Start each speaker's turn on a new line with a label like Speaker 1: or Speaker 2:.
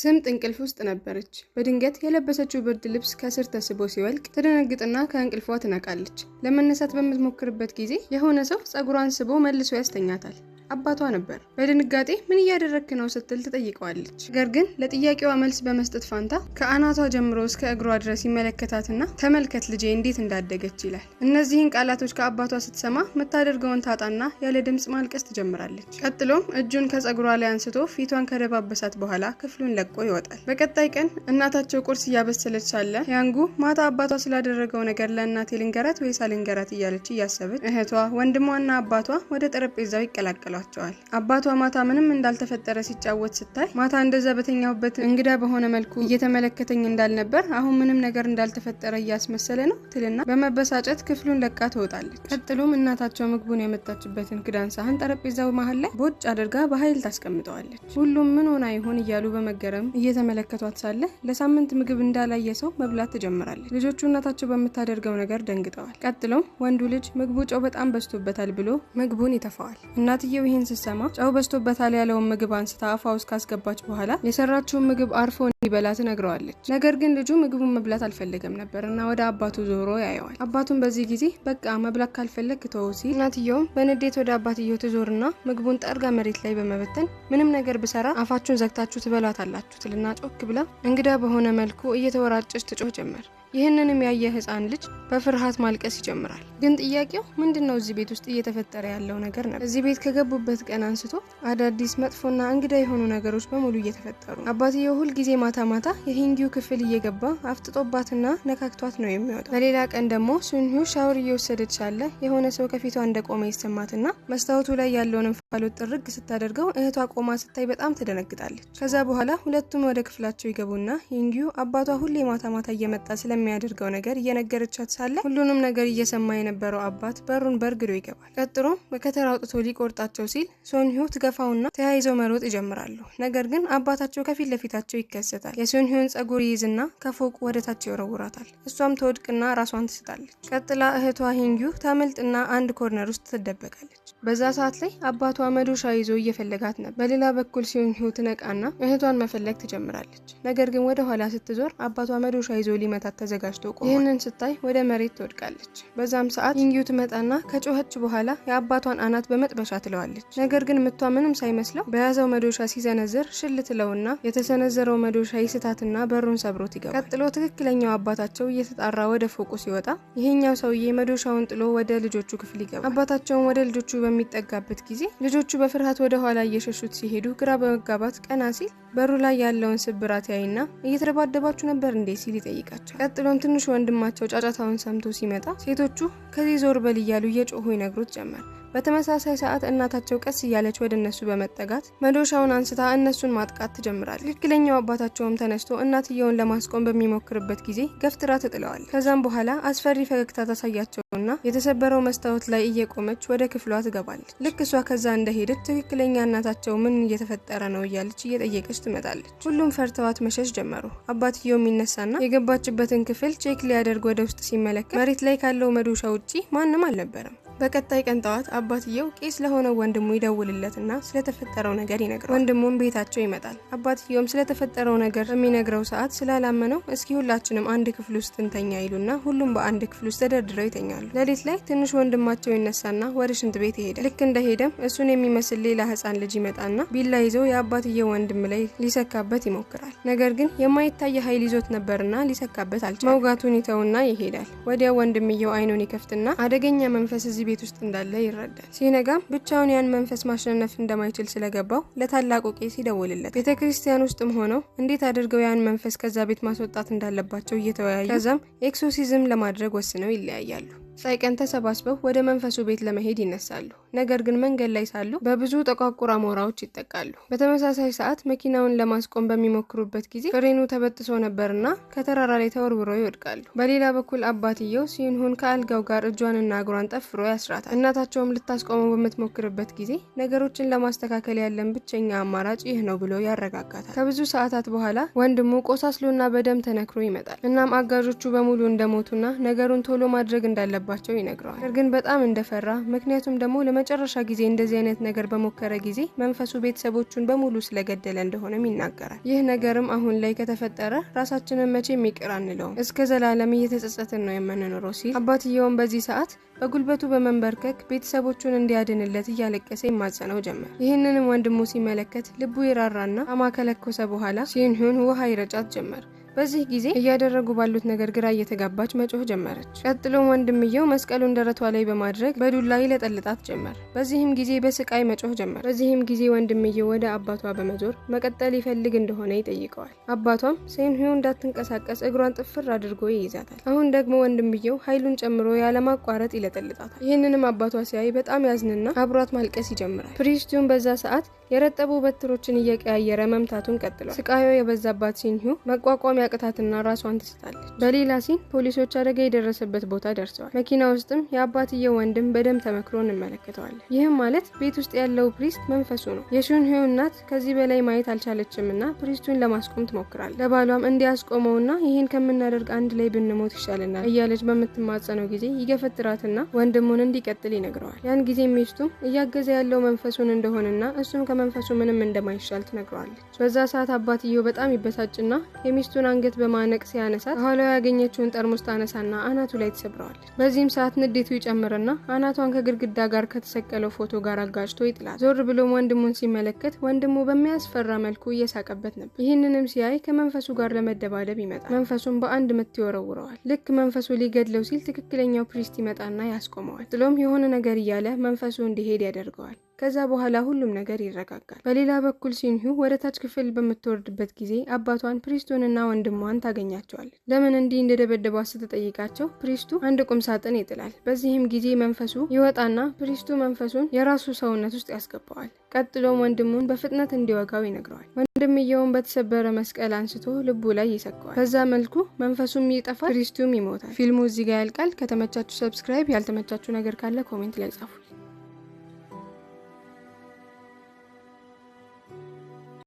Speaker 1: ስምጥ እንቅልፍ ውስጥ ነበረች። በድንገት የለበሰችው ብርድ ልብስ ከስር ተስቦ ሲወልቅ ትደነግጥና ከእንቅልፏ ትነቃለች። ለመነሳት በምትሞክርበት ጊዜ የሆነ ሰው ጸጉሯን ስቦ መልሶ ያስተኛታል። አባቷ ነበር። በድንጋጤ ምን እያደረግክ ነው ስትል ትጠይቀዋለች። ነገር ግን ለጥያቄዋ መልስ በመስጠት ፋንታ ከአናቷ ጀምሮ እስከ እግሯ ድረስ ይመለከታትና ተመልከት ልጄ እንዴት እንዳደገች ይላል። እነዚህን ቃላቶች ከአባቷ ስትሰማ የምታደርገውን ታጣና ያለ ድምፅ ማልቀስ ትጀምራለች። ቀጥሎም እጁን ከጸጉሯ ላይ አንስቶ ፊቷን ከደባበሳት በኋላ ክፍሉን ለቆ ይወጣል። በቀጣይ ቀን እናታቸው ቁርስ እያበሰለች ሳለ ያንጉ ማታ አባቷ ስላደረገው ነገር ለእናቴ ልንገራት ወይስ አልንገራት እያለች እያሰበች እህቷ ወንድሟና አባቷ ወደ ጠረጴዛው ይቀላቀላል። ይመስሏቸዋል። አባቷ ማታ ምንም እንዳልተፈጠረ ሲጫወት ስታይ ማታ እንደዛ በተኛሁበት እንግዳ በሆነ መልኩ እየተመለከተኝ እንዳልነበር አሁን ምንም ነገር እንዳልተፈጠረ እያስመሰለ ነው ትልና በመበሳጨት ክፍሉን ለቃ ትወጣለች። ቀጥሎም እናታቸው ምግቡን የመጣችበትን ክዳን ሳህን ጠረጴዛው መሀል ላይ ቦጭ አድርጋ በኃይል ታስቀምጠዋለች። ሁሉም ምን ሆና ይሆን እያሉ በመገረም እየተመለከቷት ሳለ ለሳምንት ምግብ እንዳላየ ሰው መብላት ትጀምራለች። ልጆቹ እናታቸው በምታደርገው ነገር ደንግጠዋል። ቀጥሎም ወንዱ ልጅ ምግቡ ጨው በጣም በዝቶበታል ብሎ ምግቡን ይተፋዋል። እናትየው ይህን ስሰማ ጨው በዝቶበታል ያለውን ምግብ አንስታ አፏ ውስጥ ካስገባች በኋላ የሰራችውን ምግብ አርፎ እንዲበላ ትነግረዋለች። ነገር ግን ልጁ ምግቡን መብላት አልፈለገም ነበር እና ወደ አባቱ ዞሮ ያየዋል። አባቱም በዚህ ጊዜ በቃ መብላት ካልፈለግ ተወው ሲል፣ እናትየውም በንዴት ወደ አባትየው ትዞርና ምግቡን ጠርጋ መሬት ላይ በመበተን ምንም ነገር ብሰራ አፋችሁን ዘግታችሁ ትበሏታላችሁ ትልና ጮክ ብላ እንግዳ በሆነ መልኩ እየተወራጨች ትጮህ ጀመር። ይህንንም ያየ ህፃን ልጅ በፍርሃት ማልቀስ ይጀምራል። ግን ጥያቄው ምንድን ነው? እዚህ ቤት ውስጥ እየተፈጠረ ያለው ነገር ነበር። እዚህ ቤት ከገቡበት ቀን አንስቶ አዳዲስ መጥፎና እንግዳ የሆኑ ነገሮች በሙሉ እየተፈጠሩ አባትየው ሁልጊዜ ማታ ማታ ማታ የሂንጊው ክፍል እየገባ አፍጥጦባትና ነካክቷት ነው የሚወጣው። በሌላ ቀን ደግሞ ሱንሁ ሻወር እየወሰደች ሳለ የሆነ ሰው ከፊቷ እንደቆመ ይሰማትና መስታወቱ ላይ ያለውን እንፋሎት ጥርግ ስታደርገው እህቷ ቆማ ስታይ በጣም ትደነግጣለች። ከዛ በኋላ ሁለቱም ወደ ክፍላቸው ይገቡና ሂንጊው አባቷ ሁሌ ማታ ማታ እየመጣ ስለሚያደርገው ነገር እየነገረቻት ሳለ ሁሉንም ነገር እየሰማ የነበረው አባት በሩን በርግዶ ይገባል። ቀጥሎም በከተራ አውጥቶ ሊቆርጣቸው ሲል ሶንሁ ትገፋውና ተያይዘው መሮጥ ይጀምራሉ። ነገር ግን አባታቸው ከፊት ለፊታቸው ይከሰታል። ይመለከታል። የሶንሂዮን ጸጉር ይይዝና ከፎቅ ወደ ታች ይወረውራታል። እሷም ትወድቅና ራሷን ትስታለች። ቀጥላ እህቷ ሂንጊዩ ታመልጥና አንድ ኮርነር ውስጥ ትደበቃለች። በዛ ሰዓት ላይ አባቷ መዶሻ ይዞ እየፈለጋት ነበር። በሌላ በኩል ሶንሂዮ ትነቃና እህቷን መፈለግ ትጀምራለች። ነገር ግን ወደ ኋላ ስትዞር አባቷ መዶሻ ይዞ ሊመታት ተዘጋጅቶ ቆሟል። ይህንን ስታይ ወደ መሬት ትወድቃለች። በዛም ሰዓት ሂንጊዩ ትመጣና ከጮኸች በኋላ የአባቷን አናት በመጥበሻ ትለዋለች። ነገር ግን ምቷ ምንም ሳይመስለው በያዘው መዶሻ ሲዘነዝር ሽል ትለውና የተሰነዘረው መዶሻ ይስታትና በሩን ሰብሮት ይገባል። ቀጥሎ ትክክለኛው አባታቸው እየተጣራ ወደ ፎቁ ሲወጣ ይሄኛው ሰውዬ መዶሻውን ጥሎ ወደ ልጆቹ ክፍል ይገባል። አባታቸውን ወደ ልጆቹ በሚጠጋበት ጊዜ ልጆቹ በፍርሃት ወደ ኋላ እየሸሹት ሲሄዱ ግራ በመጋባት ቀና ሲል በሩ ላይ ያለውን ስብራት ያይና እየተደባደባችሁ ነበር እንዴ ሲል ይጠይቃቸው። ቀጥሎም ትንሽ ወንድማቸው ጫጫታውን ሰምቶ ሲመጣ ሴቶቹ ከዚህ ዞር በል እያሉ እየጮሁ ይነግሩት ጀመር። በተመሳሳይ ሰዓት እናታቸው ቀስ እያለች ወደ እነሱ በመጠጋት መዶሻውን አንስታ እነሱን ማጥቃት ትጀምራል። ትክክለኛው አባታቸውም ተነስቶ እናትየውን ለማስቆም በሚሞክርበት ጊዜ ገፍትራ ትጥለዋል። ከዛም በኋላ አስፈሪ ፈገግታ ታሳያቸውና የተሰበረው መስታወት ላይ እየቆመች ወደ ክፍሏ ትገባል። ልክ እሷ ከዛ እንደሄደች ትክክለኛ እናታቸው ምን እየተፈጠረ ነው እያለች እየጠየቀች ትመጣለች። ሁሉም ፈርተዋት መሸሽ ጀመሩ። አባትየው የሚነሳና የገባችበትን ክፍል ቼክ ሊያደርግ ወደ ውስጥ ሲመለከት መሬት ላይ ካለው መዶሻ ውጪ ማንም አልነበረም። በቀጣይ ቀን ጠዋት አባትየው ቄስ ለሆነው ወንድሙ ይደውልለትና ስለተፈጠረው ነገር ይነግረዋል። ወንድሙም ቤታቸው ይመጣል። አባትየውም ስለተፈጠረው ነገር በሚነግረው ሰዓት ስላላመነው እስኪ ሁላችንም አንድ ክፍል ውስጥ እንተኛ ይሉና ሁሉም በአንድ ክፍል ውስጥ ተደርድረው ይተኛሉ። ሌሊት ላይ ትንሽ ወንድማቸው ይነሳና ወደ ሽንት ቤት ይሄዳል። ልክ እንደሄደም እሱን የሚመስል ሌላ ህፃን ልጅ ይመጣና ቢላ ይዘው የአባትየው ወንድም ላይ ሊሰካበት ይሞክራል። ነገር ግን የማይታይ ኃይል ይዞት ነበርና ሊሰካበት አልቻለም። መውጋቱን ይተውና ይሄዳል። ወዲያ ወንድምየው አይኑን ይከፍትና አደገኛ መንፈስ እዚህ ቤት ውስጥ እንዳለ ይረዳል። ሲነጋም ብቻውን ያን መንፈስ ማሸነፍ እንደማይችል ስለገባው ለታላቁ ቄስ ይደውልለት። ቤተ ክርስቲያን ውስጥም ሆነው እንዴት አድርገው ያን መንፈስ ከዛ ቤት ማስወጣት እንዳለባቸው እየተወያዩ ከዛም ኤክሶሲዝም ለማድረግ ወስነው ይለያያሉ። ሳይቀን ተሰባስበው ወደ መንፈሱ ቤት ለመሄድ ይነሳሉ። ነገር ግን መንገድ ላይ ሳሉ በብዙ ጠቋቁር አሞራዎች ይጠቃሉ። በተመሳሳይ ሰዓት መኪናውን ለማስቆም በሚሞክሩበት ጊዜ ፍሬኑ ተበጥሶ ነበርና ከተራራ ላይ ተወርውረው ይወድቃሉ። በሌላ በኩል አባትየው ሲንሁን ከአልጋው ጋር እጇንና እግሯን ጠፍሮ ያስራታል። እናታቸውም ልታስቆመው በምትሞክርበት ጊዜ ነገሮችን ለማስተካከል ያለን ብቸኛ አማራጭ ይህ ነው ብሎ ያረጋጋታል። ከብዙ ሰዓታት በኋላ ወንድሙ ቆሳስሎና በደም ተነክሮ ይመጣል። እናም አጋዦቹ በሙሉ እንደሞቱና ነገሩን ቶሎ ማድረግ እንዳለበት እንዳለባቸው ይነግረዋል። ነገር ግን በጣም እንደፈራ ምክንያቱም ደግሞ ለመጨረሻ ጊዜ እንደዚህ አይነት ነገር በሞከረ ጊዜ መንፈሱ ቤተሰቦቹን በሙሉ ስለገደለ እንደሆነም ይናገራል። ይህ ነገርም አሁን ላይ ከተፈጠረ ራሳችንን መቼ ይቅር አንለውም፣ እስከ ዘላለም እየተጸጸትን ነው የምንኖረው ሲል አባትየውን በዚህ ሰዓት በጉልበቱ በመንበርከክ ቤተሰቦቹን እንዲያድንለት እያለቀሰ ይማጸነው ጀመር። ይህንንም ወንድሙ ሲመለከት ልቡ ይራራና አማ ከለኮሰ በኋላ ሲንሁን ውሃ ይረጫት ጀመር። በዚህ ጊዜ እያደረጉ ባሉት ነገር ግራ እየተጋባች መጮህ ጀመረች። ቀጥሎም ወንድምየው መስቀሉን ደረቷ ላይ በማድረግ በዱላ ይለጠልጣት ጀመር። በዚህም ጊዜ በስቃይ መጮህ ጀመር። በዚህም ጊዜ ወንድምየው ወደ አባቷ በመዞር መቀጠል ይፈልግ እንደሆነ ይጠይቀዋል። አባቷም ሴንሁ እንዳትንቀሳቀስ እግሯን ጥፍር አድርጎ ይይዛታል። አሁን ደግሞ ወንድምየው ኃይሉን ጨምሮ ያለማቋረጥ ይለጠልጣታል። ይህንንም አባቷ ሲያይ በጣም ያዝንና አብሯት ማልቀስ ይጀምራል። ፕሪስቱን በዛ ሰዓት የረጠቡ በትሮችን እየቀያየረ መምታቱን ቀጥሏል። ስቃዩ የበዛባት ሲንሁ መቋቋሚያ ቅጣትና ራሷን ትስታለች። በሌላ ሲን ፖሊሶች አደጋ የደረሰበት ቦታ ደርሰዋል። መኪና ውስጥም የአባትየው ወንድም በደም ተመክሮ እንመለከተዋለን። ይህም ማለት ቤት ውስጥ ያለው ፕሪስት መንፈሱ ነው። የሹንሄው እናት ከዚህ በላይ ማየት አልቻለችምና ፕሪስቱን ለማስቆም ትሞክራለች። ለባሏም እንዲያስቆመውና ይህን ከምናደርግ አንድ ላይ ብንሞት ይሻለናል እያለች በምትማጸነው ጊዜ ይገፈትራትና ወንድሙን እንዲቀጥል ይነግረዋል። ያን ጊዜ ሚስቱም እያገዘ ያለው መንፈሱን እንደሆነና እሱም ከመንፈሱ ምንም እንደማይሻል ትነግረዋለች። በዛ ሰዓት አባትየው በጣም ይበሳጭና የሚስቱን አንገት በማነቅ ሲያነሳት ኋላዋ ያገኘችውን ጠርሙስ ታነሳና አናቱ ላይ ትሰብረዋለች። በዚህም ሰዓት ንዴቱ ይጨምርና አናቷን ከግድግዳ ጋር ከተሰቀለው ፎቶ ጋር አጋጭቶ ይጥላል። ዞር ብሎም ወንድሙን ሲመለከት ወንድሙ በሚያስፈራ መልኩ እየሳቀበት ነበር። ይህንንም ሲያይ ከመንፈሱ ጋር ለመደባደብ ይመጣል። መንፈሱን በአንድ ምት ይወረውረዋል። ልክ መንፈሱ ሊገድለው ሲል ትክክለኛው ፕሪስት ይመጣና ያስቆመዋል። ጥሎም የሆነ ነገር እያለ መንፈሱ እንዲሄድ ያደርገዋል። ከዛ በኋላ ሁሉም ነገር ይረጋጋል። በሌላ በኩል ሲንሁ ወደ ታች ክፍል በምትወርድበት ጊዜ አባቷን ፕሪስቶንና ወንድሟን ታገኛቸዋለች። ለምን እንዲህ እንደደበደቧት ስትጠይቃቸው ፕሪስቱ አንድ ቁም ሳጥን ይጥላል። በዚህም ጊዜ መንፈሱ ይወጣና ፕሪስቱ መንፈሱን የራሱ ሰውነት ውስጥ ያስገባዋል። ቀጥሎም ወንድሙን በፍጥነት እንዲወጋው ይነግረዋል። ወንድምየውን በተሰበረ መስቀል አንስቶ ልቡ ላይ ይሰቀዋል። በዛ መልኩ መንፈሱም ይጠፋል፣ ፕሪስቱም ይሞታል። ፊልሙ እዚህ ጋር ያልቃል። ከተመቻችሁ ሰብስክራይብ፣ ያልተመቻችሁ ነገር ካለ ኮሜንት ላይ ጻፉ።